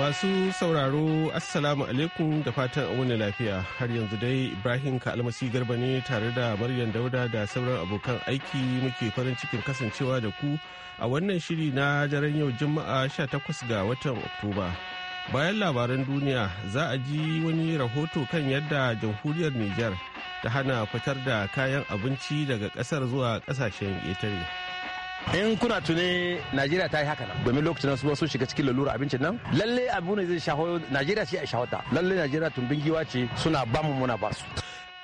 Masu sauraro Assalamu alaikum da fatan a wani lafiya har yanzu dai Ibrahim ka almasi Garba ne tare da Maryam Dauda da sauran abokan aiki muke farin cikin kasancewa da ku a wannan shiri na daren yau Juma'a 18 ga watan Oktoba. Bayan labaran duniya za a ji wani rahoto kan yadda jamhuriyar Nijar ta hana fitar da kayan abinci daga ƙasar zuwa ƙasashen ƙetare. in kuna tune najeriya ta yi haka nan domin lokacin su sun shiga cikin lalura abincin nan lalle abu ne zai shaho najeriya shi a shahota lalle najeriya tumbin giwa ce suna ba mu muna ba su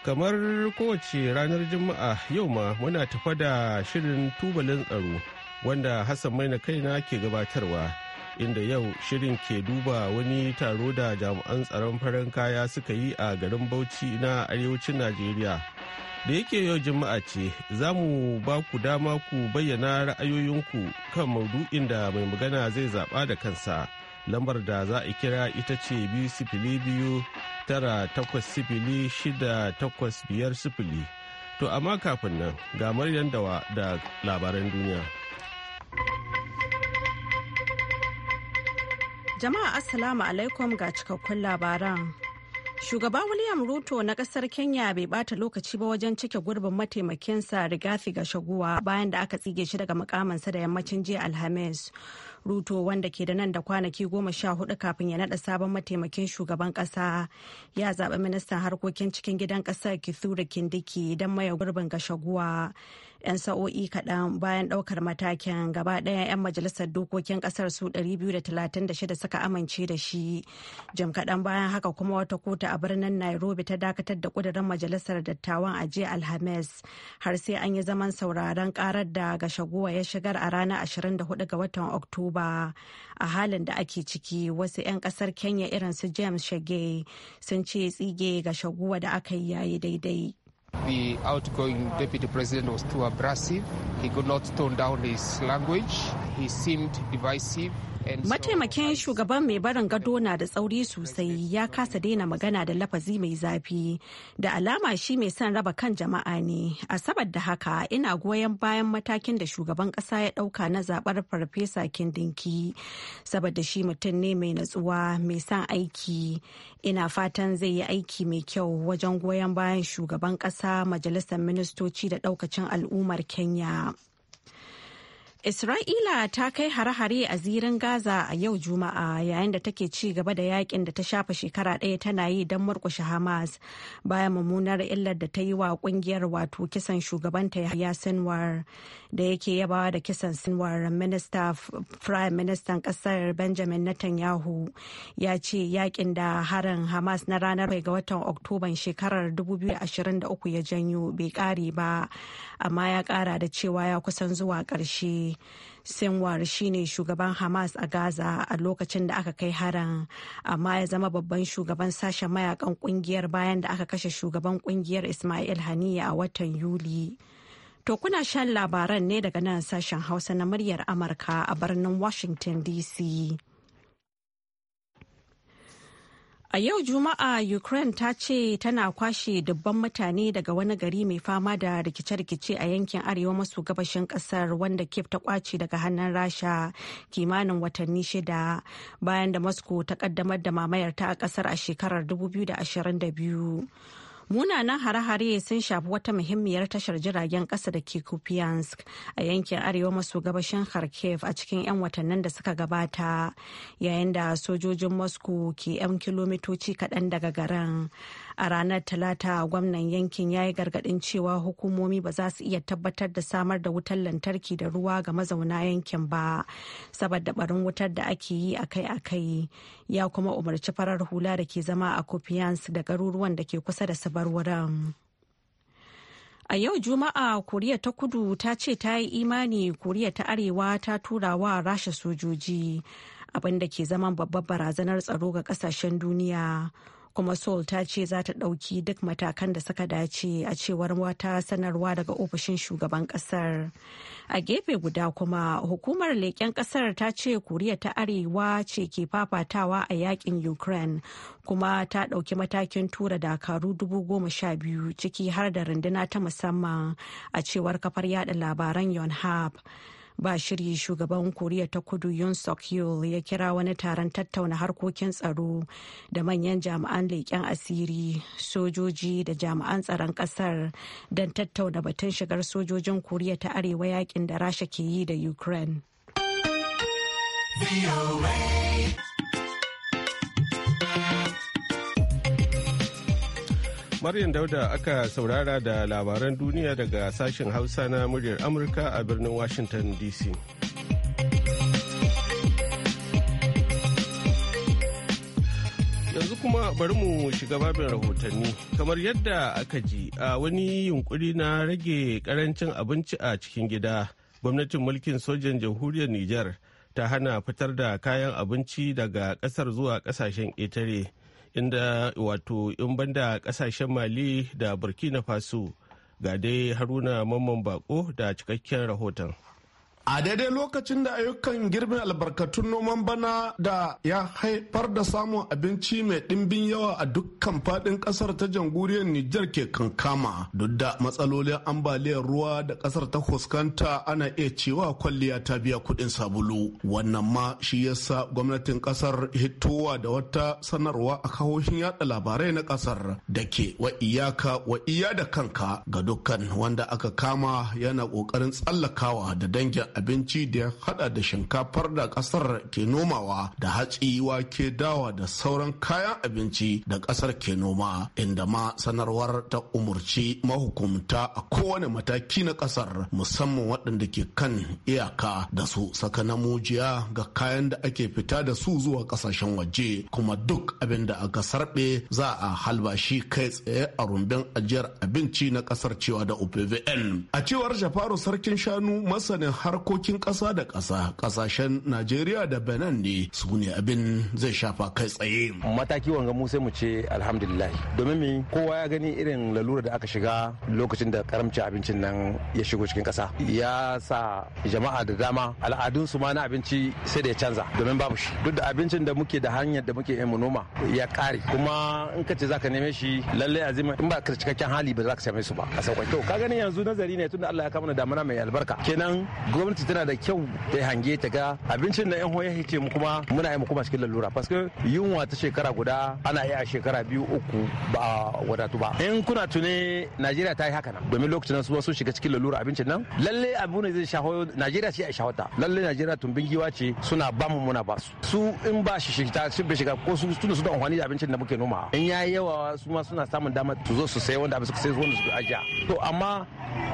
kamar kowace ranar juma'a yau ma muna tafa da shirin tubalin tsaro wanda hassan maina kaina ke gabatarwa inda yau shirin ke duba wani taro da jami'an tsaron farin kaya suka yi a garin bauchi na arewacin najeriya da yake yau juma'a ce za mu ba ku dama ku bayyana ra'ayoyinku kan maudu'in da mai magana zai zaɓa da kansa lambar da za a kira ita ce biyu sifili biyu tara takwas sifili shida takwas biyar sifili to amma kafin nan ga maryan dawa da labaran duniya jama'a assalamu alaikum ga cikakkun labaran Shugaba William Ruto na kasar Kenya bai bata lokaci ba wajen cike gurbin mataimakinsa Rigathi Gashaguwa bayan da aka tsige shi daga mukamansa da yammacin jiya Alhamis. ruto wanda ke da nan da kwanaki goma sha hudu kafin ya nada sabon mataimakin shugaban kasa ya zaɓi ministan harkokin cikin gidan ƙasar kithure kindiki don maye gurbin gashaguwa 'yan sa'o'i kaɗan bayan ɗaukar matakin gaba ɗaya 'yan majalisar dokokin ƙasar su ɗari biyu da da talatin shida suka amince da shi jim kaɗan bayan haka kuma wata kotu a birnin nairobi ta dakatar da ƙudurin majalisar dattawan a alhamis har sai an yi zaman sauraron ƙarar da gashaguwa ya shigar a ranar 24 ga watan oktoba ba a halin da ake ciki wasu 'yan kasar kenya irin su james shage sun ce tsige ga shaguwa da aka yi yayi daidai The outgoing deputy president was too abrasive. He could not tone down his language. He seemed divisive. Mataimakin shugaban mai barin gado na da tsauri sosai ya kasa daina magana da lafazi mai zafi da alama shi mai son raba kan jama'a ne. A da haka ina goyon bayan matakin da shugaban kasa ya dauka na zabar farfesa kindinki saboda shi mutum ne mai natsuwa mai son aiki ina fatan zai yi aiki mai kyau wajen goyon bayan shugaban kasa majalisar ministoci da daukacin al'ummar Kenya. Isra'ila ta kai hare-hare a zirin Gaza a yau Juma'a yayin da take ci gaba da yakin da ta shafa shekara ɗaya tana yi don murkushe Hamas bayan mummunar illar da ta yi wa ƙungiyar wato kisan shugabanta ya Sinwar da yake yabawa da kisan Sinwar minista Prime Ministan ƙasar Benjamin Netanyahu ya ce yakin da harin Hamas na ranar ga watan Oktoban shekarar 2023 ya janyo bai ƙare ba amma ya ƙara da cewa ya kusan zuwa ƙarshe. sinwar shine shugaban hamas a gaza a lokacin da aka kai harin amma ya zama babban shugaban sashen mayakan kungiyar bayan da aka kashe shugaban kungiyar ismail haniya a watan yuli to kuna shan labaran ne daga nan sashen hausa na muryar amurka a birnin washington dc A yau Juma'a Ukraine ta ce tana kwashe dubban mutane daga wani gari mai fama da rikice-rikice a yankin arewa maso gabashin kasar wanda Kiev ta kwace daga hannun Rasha kimanin watanni shida bayan da Moscow ta kaddamar da mamayarta a kasar a shekarar 2022. munanan hare-hare sun shafi wata muhimmiyar tashar jiragen kasa da ke kupiansk a yankin arewa maso gabashin kharkiv a cikin 'yan watannin da suka gabata yayin da sojojin moscow ke 'yan kilomitoci kaɗan daga garin a ranar talata gwamnan yankin ya yi gargadin cewa hukumomi ba za su iya tabbatar da samar da wutar lantarki da ruwa ga mazauna yankin ba saboda barin wutar da ake yi akai-akai ya kuma umarci farar hula da ke zama a kofiyans da garuruwan da ke kusa da sabar wurin. A yau Juma'a Koriya ta kudu ta ce ta yi imani Koriya ta Arewa ta tura wa Rasha sojoji abinda ke zaman babbar barazanar tsaro ga kasashen duniya. kuma Seoul ta ce za ta ɗauki duk matakan da suka dace a cewar wata sanarwa daga ofishin shugaban ƙasar. A gefe guda kuma hukumar leƙen ƙasar ta ce Koriya ta Arewa ce ke fafatawa a yakin Ukraine kuma ta ɗauki matakin tura dakaru dubu goma sha biyu ciki har da runduna ta musamman a cewar kafar yada labaran Yonhap. ba shirye shugaban koriya ta kudu yun suk yul ya kira wani taron tattauna harkokin tsaro da manyan jami'an leƙen asiri sojoji da jami'an tsaron ƙasar don tattauna batun shigar sojojin koriya ta arewa yakin da rasha ke yi da ukraine Maryam Dauda aka saurara da labaran duniya daga sashen Hausa na muryar Amurka a birnin Washington DC. yanzu kuma bari mu shiga babin rahotanni kamar yadda aka ji a wani yunkuri na rage karancin abinci a cikin gida gwamnatin mulkin sojan jamhuriyar nijar ta hana fitar da kayan abinci daga kasar zuwa kasashen ƙetare inda wato in banda kasashen mali da burkina faso ga dai haruna mamman bako da cikakken rahoton a daidai lokacin da ayyukan girbin albarkatun noman bana da ya haifar da samun abinci mai ɗimbin yawa a dukkan faɗin ƙasar ta jamhuriyar Nijar ke kankama duk da matsalolin ambaliyar ruwa da ƙasar ta fuskanta ana iya cewa kwalliya ta biya kuɗin sabulu wannan ma shi yasa gwamnatin ƙasar hitowa da wata sanarwa a kahohin yada labarai na ƙasar da ke wa iyaka wa iya da kanka ga dukkan wanda aka kama yana ƙoƙarin tsallakawa da dangin abinci da ya hada da shinkafar da kasar ke nomawa da hatsi wake dawa da sauran kayan abinci da kasar ke noma inda ma sanarwar ta umurci mahukumta a kowane mataki na kasar musamman waɗanda ke kan iyaka da su saka na mujiya ga kayan da ake fita da su zuwa kasashen waje kuma duk abin da aka sarbe za a halbashi kai tsaye a rumbin ajiyar abinci na kasar cewa da upvn a cewar jafaru sarkin shanu masanin har harkokin ƙasa da ƙasa ƙasashen najeriya da benin ne su ne abin zai shafa kai tsaye mataki wanga mu sai mu ce alhamdulillah domin mi kowa ya gani irin lalura da aka shiga lokacin da karamcin abincin nan ya shigo cikin ƙasa ya sa jama'a da dama al'adunsu ma na abinci sai da ya canza domin babu shi duk da abincin da muke da hanyar da muke yin noma ya kare kuma in ka ce zaka neme shi lallai azima in ba ka cikakken hali ba za ka same su ba a sauƙaƙe to ka gani yanzu nazari ne tunda Allah ya kama damana mai albarka kenan gwamnati tana da kyau ta hange ta ga abincin da yan hoya yake mu kuma muna yi mu kuma cikin lalura paske yunwa ta shekara guda ana yi a shekara biyu uku ba wadatu ba in kuna tune najeriya ta yi haka nan domin lokacin su su shiga cikin lalura abincin nan lalle abu ne zai shaho najeriya ce a shahota lalle najeriya tumbin giwa ce suna ba mu muna ba su su in ba shi shita sun bai shiga ko su tunda su da amfani da abincin da muke noma in yayi yawa su ma suna samun damar su zo su sayi wanda abu su sai wanda su ajiya to amma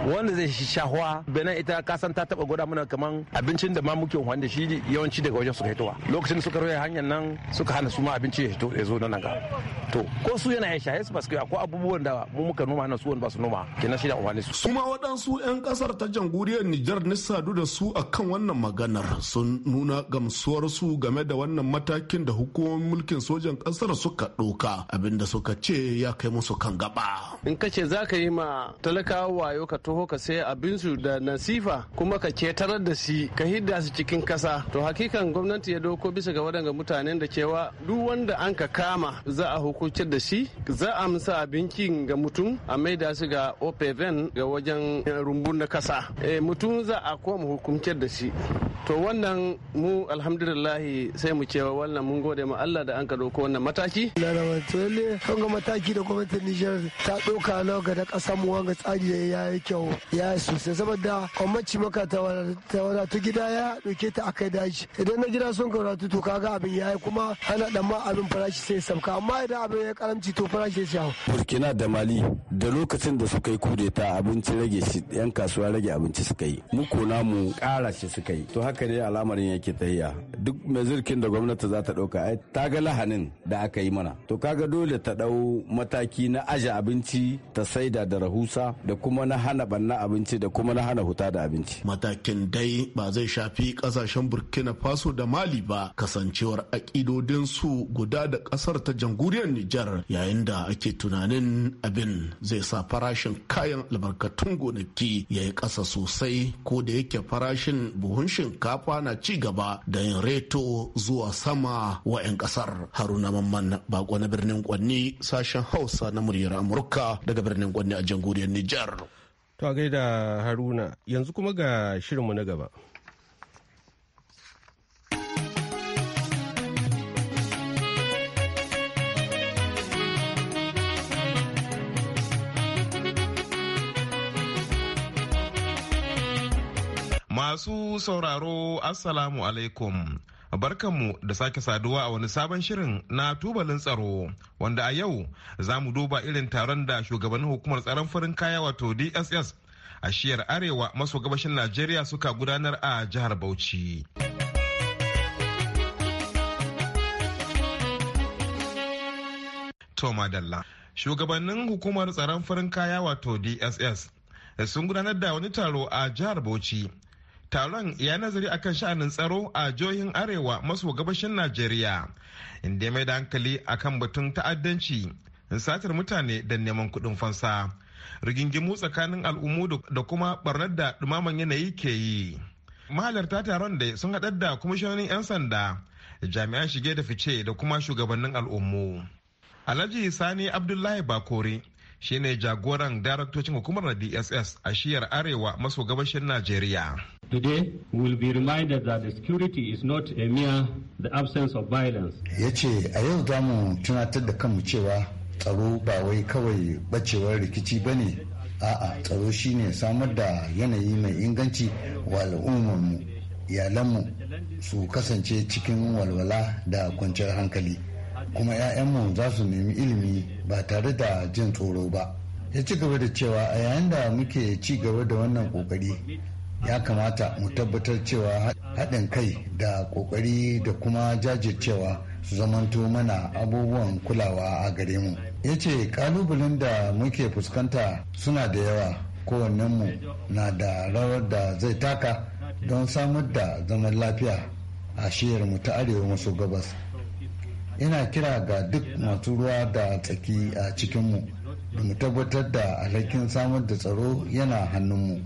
wanda zai shahuwa benin ita kasan ta taba gwada gwada mana kaman abincin da ma muke wanda shi yawanci daga wajen suka hitowa lokacin da suka rufe hanyar nan suka hana su ma abinci ya hito ya zo nan ga to ko su yana ya shaye su basu akwai abubuwan da mu muka noma na su wani ba su noma kenan shi da amfani su su ma waɗansu 'yan kasar ta jamhuriyar Nijar ni sadu da su akan wannan maganar sun nuna gamsuwar su game da wannan matakin da hukumomin mulkin sojan kasar suka abin abinda suka ce ya kai musu kan gaba in ka ce za ka yi ma talakawa wayo ka taho ka sai abinsu da nasifa kuma ka ke ya tarar da shi ka hidda su cikin kasa to hakikan gwamnati ya doko bisa ga waɗanda mutanen da cewa duk wanda an ka kama za a hukuncin da shi za a musa abincin ga mutum a maida su ga opeven ga wajen rumbun na kasa eh, mutum za a koma hukuncin da shi to wannan mu alhamdulillah sai mu cewa wannan mun gode ma Allah da an ka doko wannan mataki lalabatole kan ga mataki da gwamnatin Niger ta doka ga da kasar mu wanga tsari ya yi kyau ya yi sosai saboda kwamaci maka ta ta gida ya ɗauke ta aka daji idan na gida sun karatu to kaga abin yayi kuma ana dan ma abin farashi sai sabka amma idan abin ya karamci to farashi sai shawo burkina da mali da lokacin da suka yi kudeta abinci rage shi yan kasuwa rage abinci suka yi mu ko namu ƙara shi suka yi to haka ne al'amarin yake tahiya duk mai zirkin da gwamnati za ta ɗauka ai ta ga lahanin da aka yi mana to kaga dole ta ɗau mataki na aje abinci ta saida da rahusa da kuma na hana banna abinci da kuma na hana huta da abinci Mataki shin dai ba zai shafi kasashen burkina faso da mali ba kasancewar su guda da kasar ta jamhuriyar nijar yayin da ake tunanin abin zai sa farashin kayan albarkatun gonaki ya yi ƙasa sosai ko da yake farashin buhun shinkafa na ci gaba da yin reto zuwa sama wa 'yan ƙasar haruna mamman bako na birnin kwanni sashen hausa na muryar amurka daga birnin kwanni a jamhuriyar nijar To a gaida Haruna yanzu kuma ga shirinmu na gaba. Masu sauraro Assalamu alaikum. Barkanmu da sake saduwa a wani sabon shirin na tubalin tsaro wanda a yau za mu duba irin taron da shugabannin hukumar tsaron farin kaya wato DSS a shiyar arewa maso gabashin Najeriya suka gudanar a jihar Bauchi. Shugabannin hukumar tsaron farin kaya wato DSS sun gudanar da wani taro a jihar Bauchi. taron ya nazari akan sha'anin tsaro a jihohin arewa maso gabashin najeriya inda ya mai da hankali akan batun ta'addanci satar mutane da neman kuɗin fansa rigingimu tsakanin al'ummu da kuma barnar da dumaman yanayi ke yi mahalarta taron da sun haɗar da kwamishinan 'yan sanda jami'an shige da fice da kuma shugabannin al'ummu alhaji sani abdullahi bakori shine jagoran daraktocin hukumar dss a shiyar arewa maso gabashin najeriya Today, we will be reminded that the security is not a mere the absence of violence. Ya ce a yau za mu tunatar da kanmu cewa tsaro ba wai kawai bacewar rikici ba ne, a'a tsaro shine samar da yanayi mai inganci wa al'ummarmu, iyalanmu su kasance cikin walwala da kwanciyar hankali. Kuma 'ya'yanmu za su nemi ilimi ba tare da jin tsoro ba. ya ci gaba da cewa a yayin da muke ci gaba da wannan kokari ya kamata mu tabbatar cewa haɗin kai da ƙoƙari da kuma jajircewa su zamanto mana abubuwan kulawa a gare mu ya ce ƙalubalen da muke fuskanta suna da yawa kowannenmu na da rawar da zai taka don samar da zaman lafiya a shiyarmu ta arewa maso gabas ina kira ga duk masu ruwa da tsaki a cikinmu da mu tabbatar da alhakin samar da tsaro yana hannunmu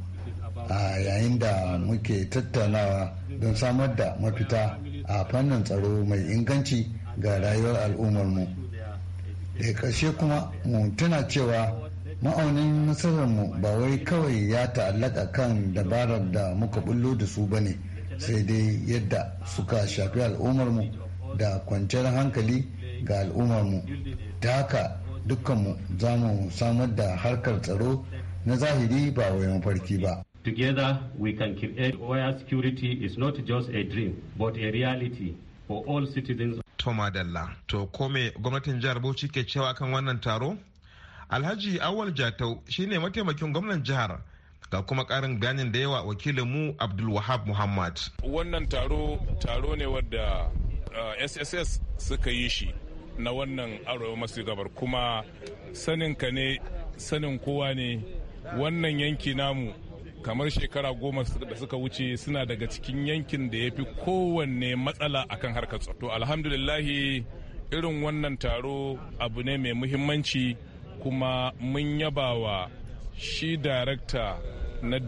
a yayin da muke tattaunawa don samar da mafita a fannin tsaro mai inganci ga rayuwar al'ummar mu da ƙarshe kuma mu tuna cewa ma'aunin nasararmu ba wai kawai ya ta'allaka kan dabarar da muka bullo da su ba ne sai dai yadda suka shafi al'ummar mu da kwanciyar hankali ga al'ummarmu ta haka dukkanmu za mu samar da harkar tsaro na zahiri ba wayan mafarki ba. Together we can create where security is not just a dream but a reality for all citizens. Toma Dalla, to kome gwamnatin jihar Bauchi ke cewa kan wannan taro? Alhaji Awal Jatau shine mataimakin gwamnan jihar. ga kuma karin ganin da yawa wakilin wakilinmu abdulwahab muhammad wannan taro taro ne wadda sss eh, suka yi shi na wannan arewa masu gabar kuma ka ne sanin kowa ne wannan yanki namu kamar shekara goma da suka wuce suna daga cikin yankin da ya fi kowanne matsala akan harkar tsaro to alhamdulillahi irin wannan taro abu ne mai muhimmanci kuma mun yaba wa shi darakta na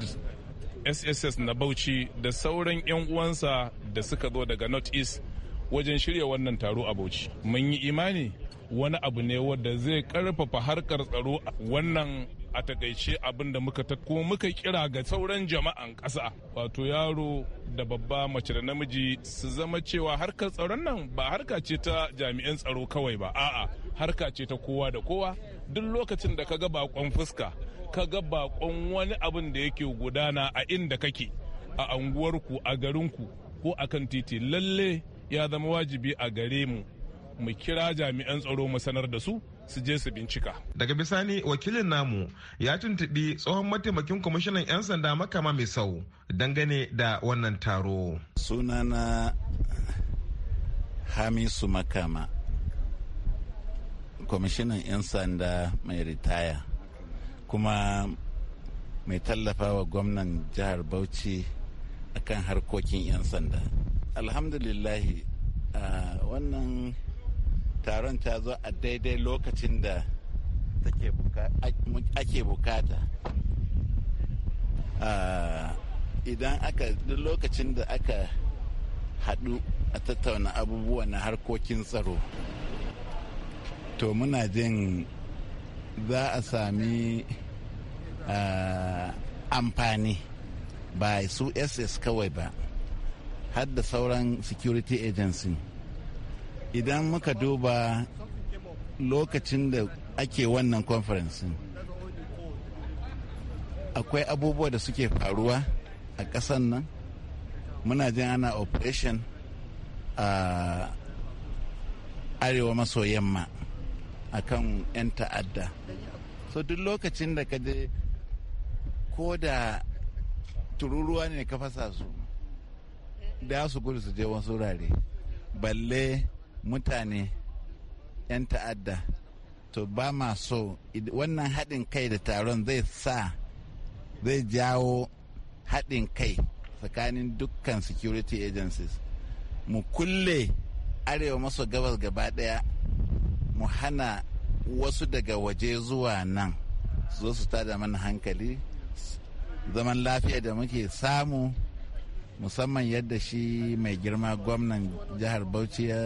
sss na bauchi da sauran 'yan uwansa da suka zo daga north east wajen shirya wannan taro a bauchi mun yi imani wani abu ne wadda zai karfafa harkar tsaro wannan a takaice abin da muka ko muka kira ga sauran jama'an ƙasa wato yaro da babba mace da namiji su zama cewa harkar tsaron nan ba harka ce ta jami'an tsaro kawai ba a'a harka ce ta kowa da kowa duk lokacin da ka ga bakon fuska kaga ga bakon wani abin da yake gudana a inda kake a anguwarku a garinku ko a kan titi lalle ya zama wajibi a gare mu mu kira jami'an tsaro mu sanar da su su je su bincika. Daga bisani wakilin namu ya tuntuɓi tsohon mataimakin kwamishinan 'yan sanda makama mai sau dangane da wannan taro. Sunana Hamisu Makama, kwamishinan 'yan sanda mai ritaya, kuma mai tallafa wa gwamnan jihar Bauchi akan harkokin 'yan sanda. Alhamdulillahi, uh, wannan taron ta zo a daidai lokacin da ake bukata ah, idan aka duk lokacin da aka haɗu a tattauna abubuwa na harkokin tsaro to muna jin za a sami ah, amfani ba su ss kawai ba har sauran security agency idan muka duba lokacin da ake wannan conference akwai abubuwa da suke faruwa a ƙasan nan muna jin ana operation a arewa maso yamma a kan 'yan ta'adda so duk lokacin da kaje ko da tururuwa ne ka fasa su da su gudu su je wasu wurare balle mutane 'yan ta'adda to ba ma so wannan haɗin kai da taron zai sa zai jawo haɗin kai tsakanin dukkan security agencies mu kulle arewa maso gabas gaba ɗaya mu hana wasu daga waje zuwa nan zo su tada mana hankali zaman lafiya da muke samu musamman yadda shi mai girma gwamnan jihar bauchi ya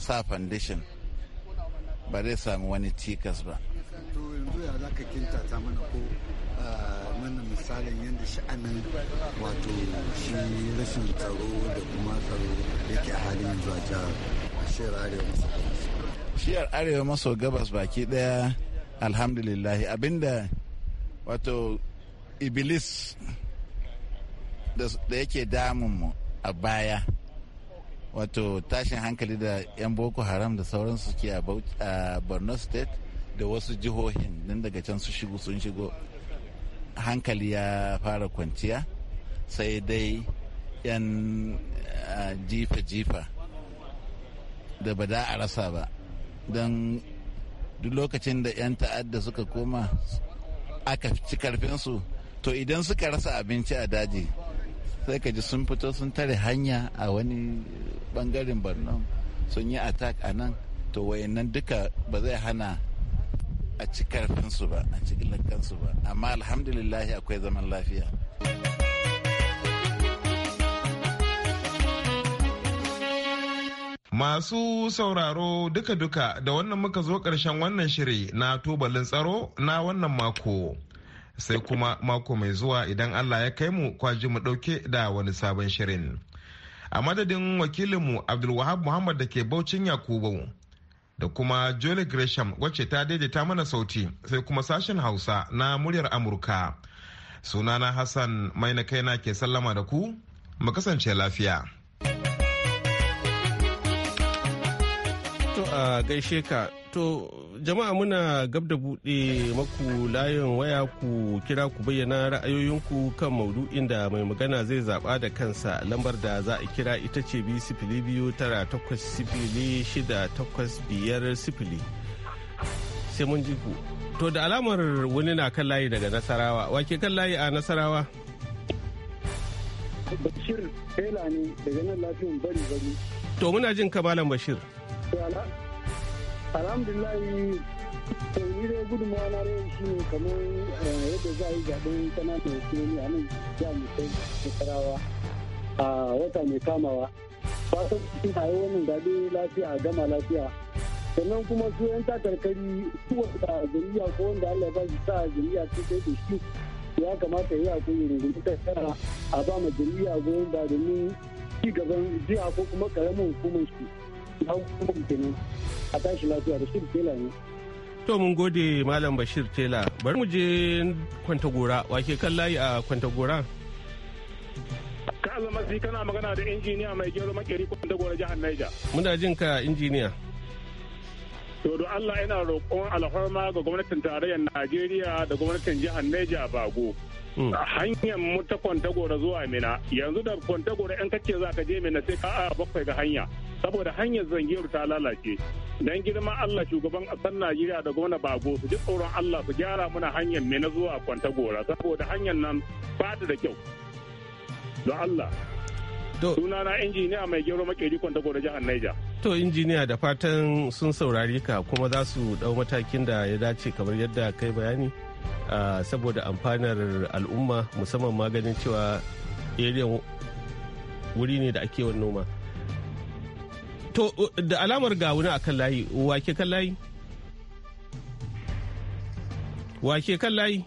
sa foundation ba zai sami wani cikas ba to yanzu ya za ka kintata mana ko ah, mana misalin yadda sha'anin wato shi rashin tsaro da kuma tsaro yake halin yanzu a shiyar arewa maso gabas shiyar arewa maso gabas baki daya alhamdulillahi abinda wato iblis da yake damunmu a baya wato tashin hankali da 'yan boko haram da sauransu ke a borno state da wasu jihohin nan daga can su shigo sun shigo hankali ya fara kwanciya sai dai 'yan jifa-jifa da ba da a rasa ba don duk lokacin da 'yan ta'adda suka koma aka ci karfinsu to idan suka rasa abinci a daji sai ka ji sun fito sun tare hanya a wani eh, bangaren borno sun yi attack a nan to wayannan duka ba zai hana a ci karfinsu ba a ci kansu ba amma alhamdulillahi akwai zaman lafiya Masu sauraro duka-duka da wannan muka zo ƙarshen wannan shiri na tubalin tsaro na wannan mako. sai kuma mako mai zuwa idan Allah ya kai mu kwaji mu dauke da wani sabon shirin. A madadin wakilinmu Abdulwahab Muhammad da ke Baucin Yakubu da kuma Jolie Gresham wacce ta daidaita mana sauti sai kuma sashen Hausa na muryar Amurka. Sunana Hassan mai na kaina ke sallama da ku, mu kasance lafiya. To a gaishe ka to jama'a muna gab da buɗe maku layin waya ku kira ku bayyana ra'ayoyinku kan maudu'in da mai magana zai zaɓa da kansa lambar da za a kira ita ce bi sifili biyu tara takwas sifili shida takwas biyar sifili sai mun ji ku to da alamar wani na kan layi daga nasarawa wake kan layi a nasarawa bashir ne daga nan lafiyan bari bari to muna jin ka malam bashir alhamdulillahi to ni dai gudunmawa na shi ne kamar eh, yadda za a yi zaɓen ƙananan hukumomi a nan ya mutai da sarawa a wata mai kamawa fatan sun haye wannan zaɓe lafiya a gama lafiya sannan kuma su yan takarkari su wanda jami'a ko wanda Allah ya ba su sa jami'a su kai da shi ya kamata ya ko ta tara a ba ma jami'a goyon ba domin ci gaban jiya ko kuma karamin hukumar su. To mun gode Malam Bashir Tela bari mu je wake kan layi a gora Ka almasi kana magana da injiniya mai gero makeri Kwantagora jihar Naija. Muna jin ka injiniya. To Allah yana roƙon alhorma ga gwamnatin tarayyar Najeriya da gwamnatin jihar Niger Bago. Hmm. Hanyar mu ta Kwantagora zuwa Mina yanzu da Kwantagora in kake za ka je Mina sai ka a bakwai ga hanya. saboda hanyar zangiyar ta lalace dan girma Allah shugaban ƙasar Najeriya da gwamna Bago su ji tsoron Allah su gyara mana hanyar mai na zuwa kwanta gora saboda hanyar nan ba da kyau don Allah suna na injiniya mai gero makeri kwanta gora jihar Niger to injiniya da fatan sun saurari ka kuma za su dau matakin da ya dace kamar yadda kai bayani saboda amfanar al'umma musamman maganin cewa cewa wuri ne da ake noma To da alamar ga wani akan layi wake kan layi? Wake kan layi?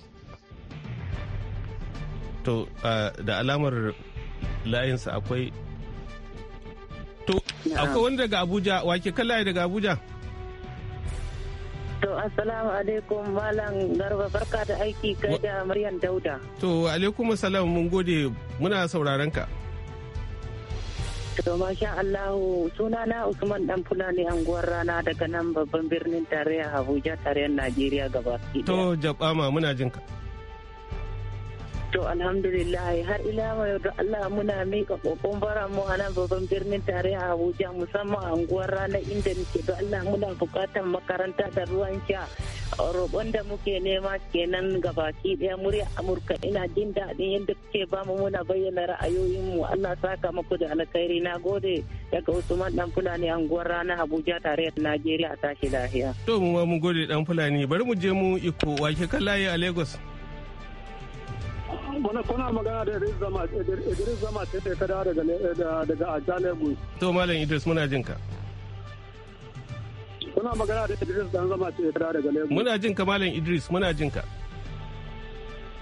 To da alamar layinsa akwai To akwai wani daga Abuja wake kan layi daga Abuja? To assalamu alaikum Malam Garba barka da aiki kai da Maryam Dauda. To alaikum salam mun gode muna sauraron ka. To masha Allahu suna na Usman dan ne anguwar rana daga nan babban birnin tarayya Abuja tarayyar Najeriya gaba. To jabama muna jinka. ka. To alhamdulillah har ila yau da Allah muna miƙa kokon bara mu a nan babban birnin tarayya Abuja musamman a unguwar rana inda muke da Allah muna buƙatar makaranta da ruwan sha. Roƙon da muke nema kenan gabaki ɗaya murya Amurka ina jin daɗin yadda kuke ba mu muna bayyana ra'ayoyinmu Allah saka muku da alkhairi na gode daga Usman Dan Fulani unguwar rana Abuja tarayyar Najeriya a tashi lahiya. To mu ma mu gode Dan Fulani bari mu je mu iko wake kan a Lagos. kuna magana da Idris Zama Idris Zama sai da ka dawo daga daga Ajalegun. To Malam Idris muna jin ka. Kuna magana da Idris dan Zama sai ka dawo daga Lagos. Muna jin ka Malam Idris muna jin ka.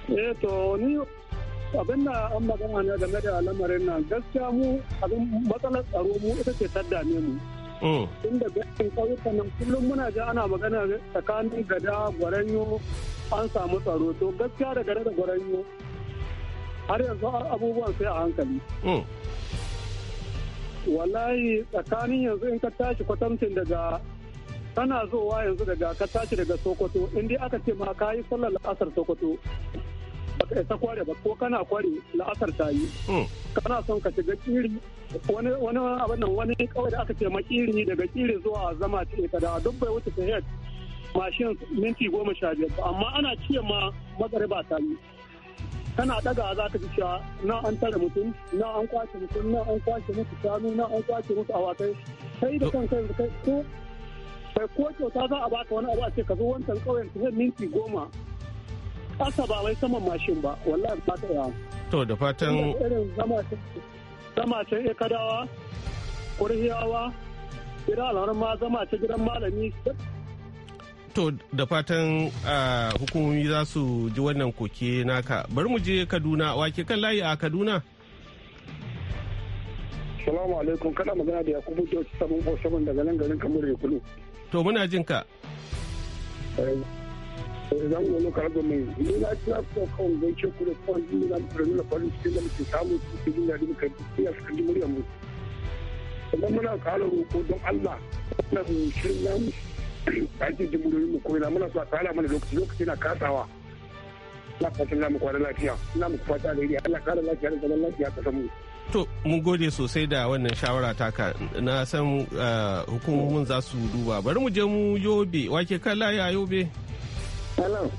Eh to ni abin da an magana ne game da lamarin nan gaskiya mu abin matsalar tsaro mu ita ce ta dame mu. Mm. tun da ganin ƙauyukan nan kullum muna ji ana magana tsakanin gada gwaranyo an samu tsaro to gaskiya da gada da gwaranyo har yanzu abubuwan sai a hankali hmm. wallahi tsakanin yanzu in ka tashi kwatamcin daga kana zowa yanzu daga ka tashi daga sokoto in dai aka ce ma ka yi sallar la'asar sokoto baka isa kware ba ko kana kware la'asar ta yi hmm. kana son ka shiga kiri wani abin wani kawai da aka ce ma kiri daga kiri zuwa zama ta ita da duk bai wuce ta mashin minti goma sha biyar ba amma ana ce ma magariba ta yi tana daga za ta ji na an tare mutum na an kwace mutum na an kwace musu shanu na an kwace musu awakai sai da kan kai kai ko kai ko kyauta za a baka wani abu a ce ka zo wancan kauyen ta zai minti goma ƙasa ba wai saman mashin ba wallahi ba ta yawa. to da fatan irin zama ta kadawa kurhiyawa gidan alharin ma zama ta gidan malami to da fatan hukumomi za su ji wannan koke naka bari mu je kaduna wake kan layi a kaduna salamu alaikum kada magana da yakubu joci sabon kosaman daga nan garin kamar ya kulu to muna jin ka zan wani kargo mai ni na ci asu da kawai zai ce kuma kawai ni na mutu da nuna farin cikin da muke samu su ke jin da muka yi suka ji muryar mu sannan muna ƙara roƙo don allah wannan shirin namu aikin jimuriyoyin mu koyi na muna so a tsara mana lokaci lokaci na katsawa na fatan na mu kwana lafiya na mu fata iri Allah kara lafiya da zaman lafiya a samu To, mun gode sosai da wannan shawara taka na san eh, hukumomin za su duba. Bari mu je mu yobe, wake kan laya yobe. salam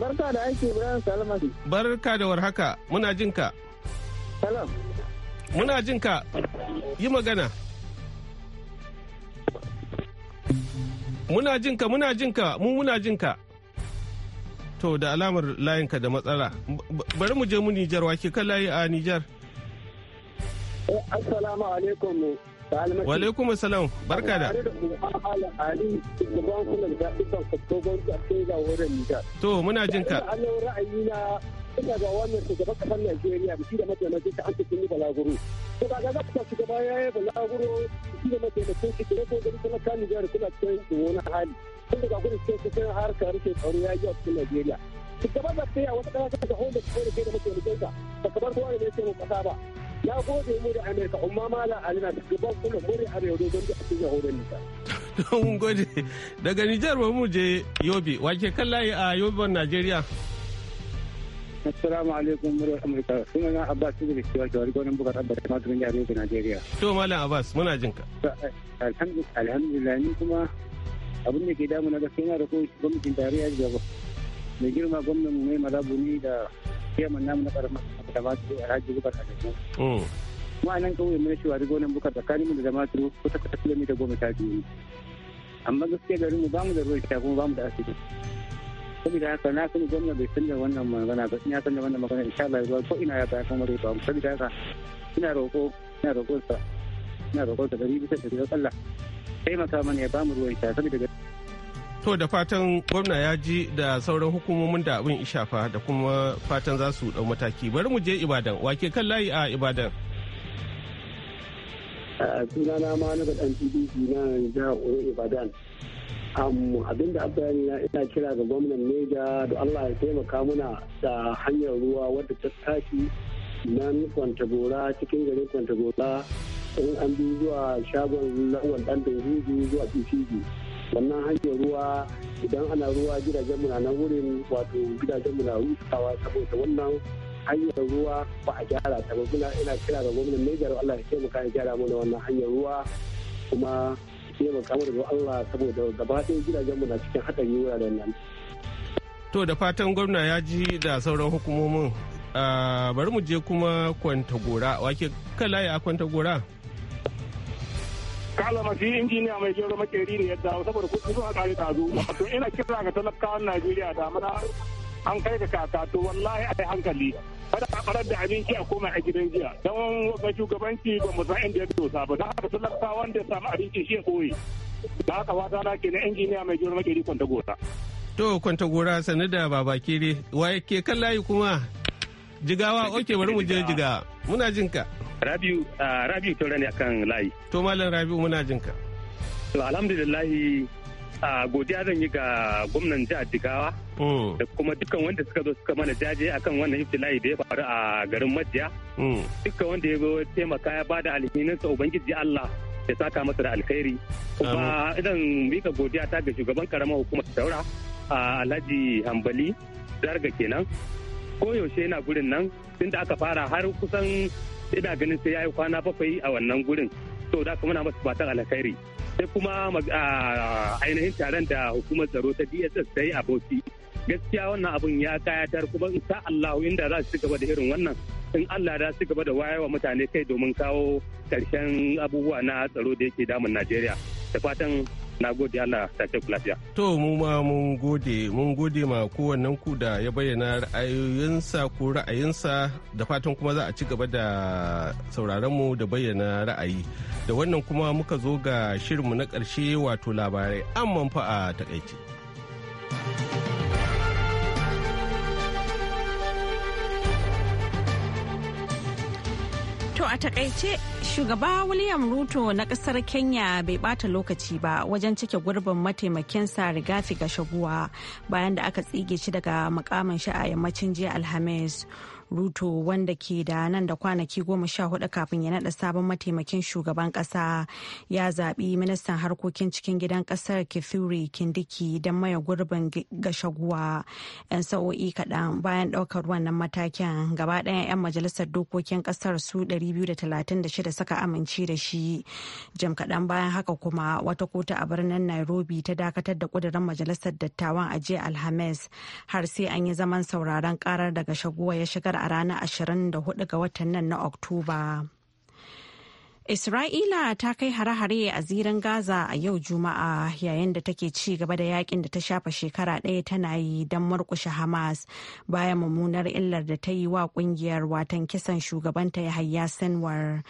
Barka da aiki Ibrahim Salmasi. Barka da warhaka, muna jinka. salam Muna jinka, yi magana. Muna jinka muna jinka mu muna jinka. To da alamar layinka da matsala. Bari mu je mu Nijar wake kan layi a Nijar. Assalamu alaikum. Wa alaikum salam barka da. To muna jinka. Allah ra'ayi na tuna ga wannan shugaban kasar Najeriya shi da mataimakin ta an ta yi balaguro. To ba ga zaka shugaba ya yi balaguro shi da mataimakin shi da gobe kuma kan Nijar suna cikin wani hali. Tun daga gudu sai cikin harkar rikin tsaro ya yi a cikin Najeriya. Shugaban da ta a wata kasa da honda ta da da mataimakin ta ba kamar kowa da ya ce mu kasa ba. Ya gode mu da Amerika umma mala alina da gaban kullum mu da Arewa don da cikin Yahudan Nijar. Mun gode daga Nijar mu je Yobe wake kan layi a Yobe Najeriya. Assalamu alaikum muryar Amurka. Sunana Abbas Idris Kiwa ke wani gonan bugar Abba da Matumin Jihar Yobe Najeriya. To Malam Abbas muna jin ka. Eh, alhamdulillah ni kuma abin da ke damu na gaskiya na da kowace gwamnatin tarayya da gaba. Mai girma gwamnan mai malabu ni da kiyaman namu na karamar da masu alhaji bugar mm. a Najeriya. Kuma nan kawai mai shi wani gonan bugar tsakanin mu da Damaturu kusa kusa kilomita goma sha biyu. Amma gaskiya garinmu ba mu da ruwan sha kuma ba mu da asibiti. saboda haka na sani gwamna bai san da wannan magana ba ya san da wannan magana insha Allah ruwa ko ina ya ta san wani ba saboda haka ina roƙo ina roƙo sa ina roƙo sa gari bisa da Allah taimaka mana ya ba mu ruwan sha saboda To da fatan gwamna ya ji da sauran hukumomin da abin ishafa da kuma fatan za su dau mataki. Bari mu je Ibadan, wake kan layi a Ibadan. Sunana ma na ga ɗan PDP na jihar Ibadan. Abin da na ina kira ga gwamnan neja da allah ya taimaka muna da hanyar ruwa wadda ta tashi nan kwantagora cikin garin kwantagora in an bi zuwa shagon lawan dan dangudu zuwa bcg wannan hanyar ruwa idan ana ruwa gidajen muna nan wurin wato gidajen muna rusawa saboda wannan hanyar ruwa ba a gyara ta ba ina kira ga gwamnan neja da allah ya taimaka ya gyara mana wannan hanyar ruwa kuma taimaka mu da Allah saboda gaba ɗaya gidajenmu na cikin haɗari wuraren nan. To da fatan gwamna ya ji da sauran hukumomin bari mu je kuma kwanta gora wake kala ya kwanta gora. kala mafi injiniya mai gero makeri ne yadda saboda kuɗi zuwa kare tazo wato ina kira ga talakawan Najeriya da mana an kai da kakato wallahi a hankali kada a farar da abinci a koma a gidan jiya don ga shugabanci ba mu san inda ya dosa ba don haka talaka wanda ya samu abinci shi ya koyi da haka wata na ke na injiniya mai girma makeri kwanta gora. to kwanta gora sani da baba kiri waye ke kan layi kuma jigawa oke bari mu je jigawa muna jin ka. rabiu ah, rabiu taurari akan layi. to malam rabiu muna jin ka. to a godiya zan yi ga gwamnan jihar jigawa mm. da kuma dukkan wanda suka zo suka mana jaje akan wannan iftila'i da ya faru a garin majiya mm. dukkan wanda ya zo taimaka ya bada alhininsa ubangiji allah ya saka masa da alkhairi kuma idan mika godiya ta ga shugaban karamar hukumar daura alhaji hambali zarga kenan koyaushe yana gurin nan tunda aka fara har kusan ina ganin sai ya yi kwana bakwai a wannan gurin to da kuma na masa fatan alkhairi sai kuma ainihin taron da hukumar tsaro ta dss ta yi a gaskiya wannan abun ya kayatar kuma in sa Allah inda za su ci gaba da irin wannan in allah za su gaba da wayewa mutane kai domin kawo karshen abubuwa na tsaro da yake damun najeriya da fatan na gode Allah sake lafiya to mu ma mun gode mun gode ma kowannen ku da ya bayyana ra'ayoyinsa ko ra'ayinsa da fatan kuma za a ci gaba da sauraron mu da bayyana ra'ayi da wannan kuma muka zo ga shirinmu na ƙarshe wato labarai amman fa a takaice. To a takaice shugaba William Ruto na kasar Kenya bai bata lokaci ba wajen cike gurbin mataimakin mataimakinsa ga shaguwa bayan da aka tsige shi daga mukamin shi a yammacin jiya Alhamis. ruto wanda ke da nan da kwanaki goma sha hudu kafin ya nada sabon mataimakin shugaban kasa ya zaɓi ministan harkokin cikin gidan ƙasar kifuri kindiki don maya gurbin gashaguwa yan sa'o'i kaɗan bayan ɗaukar wannan matakin gaba ɗaya 'yan majalisar dokokin ƙasar su 236 suka amince da shi jam kaɗan bayan haka kuma wata kota a birnin nairobi ta dakatar da ƙudurin majalisar dattawan a jiya alhamis har sai an yi zaman sauraron ƙarar daga shaguwa ya shigar a ranar 24 ga watan nan na Oktoba. Isra'ila ta kai hare-hare a ziran Gaza a yau Juma'a yayin da take ci gaba da yakin da ta shafa shekara ɗaya tana yi don murkushe Hamas bayan mummunar illar da ta yi wa kungiyar watan kisan shugabanta hayya Senwar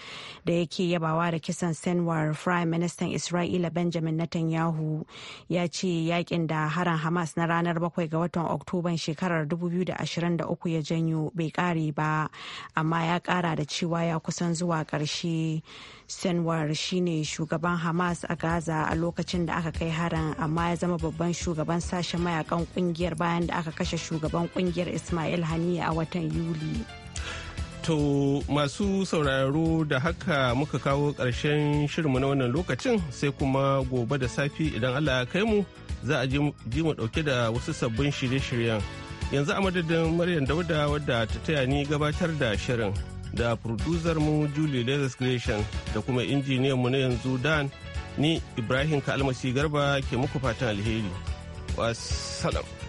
da yake yabawa da kisan Senwar Prime Minister Isra'ila Benjamin Netanyahu ya ce yakin da haran Hamas na ranar bakwai ga watan Oktoban shekarar 2023 ya janyo bai kare ba amma ya kara da cewa ya kusan zuwa ƙarshe. senwar shine shugaban hamas a gaza a lokacin da aka kai harin amma ya zama babban shugaban sashen mayakan kungiyar bayan da aka kashe shugaban kungiyar ismail haniya a watan yuli To masu sauraro da haka muka kawo ƙarshen shirinmu na wannan lokacin sai kuma gobe da safi idan Allah ya kai mu za a ji mu ɗauke da wasu sabbin shirye-shiryen. Yanzu a madadin Maryam Dauda wadda ta taya ni gabatar da shirin da producer mu Julie Lazarus Creation da kuma injiniyan mu na yanzu Dan ni Ibrahim Kalmasi Garba ke muku fatan alheri. Wassalam.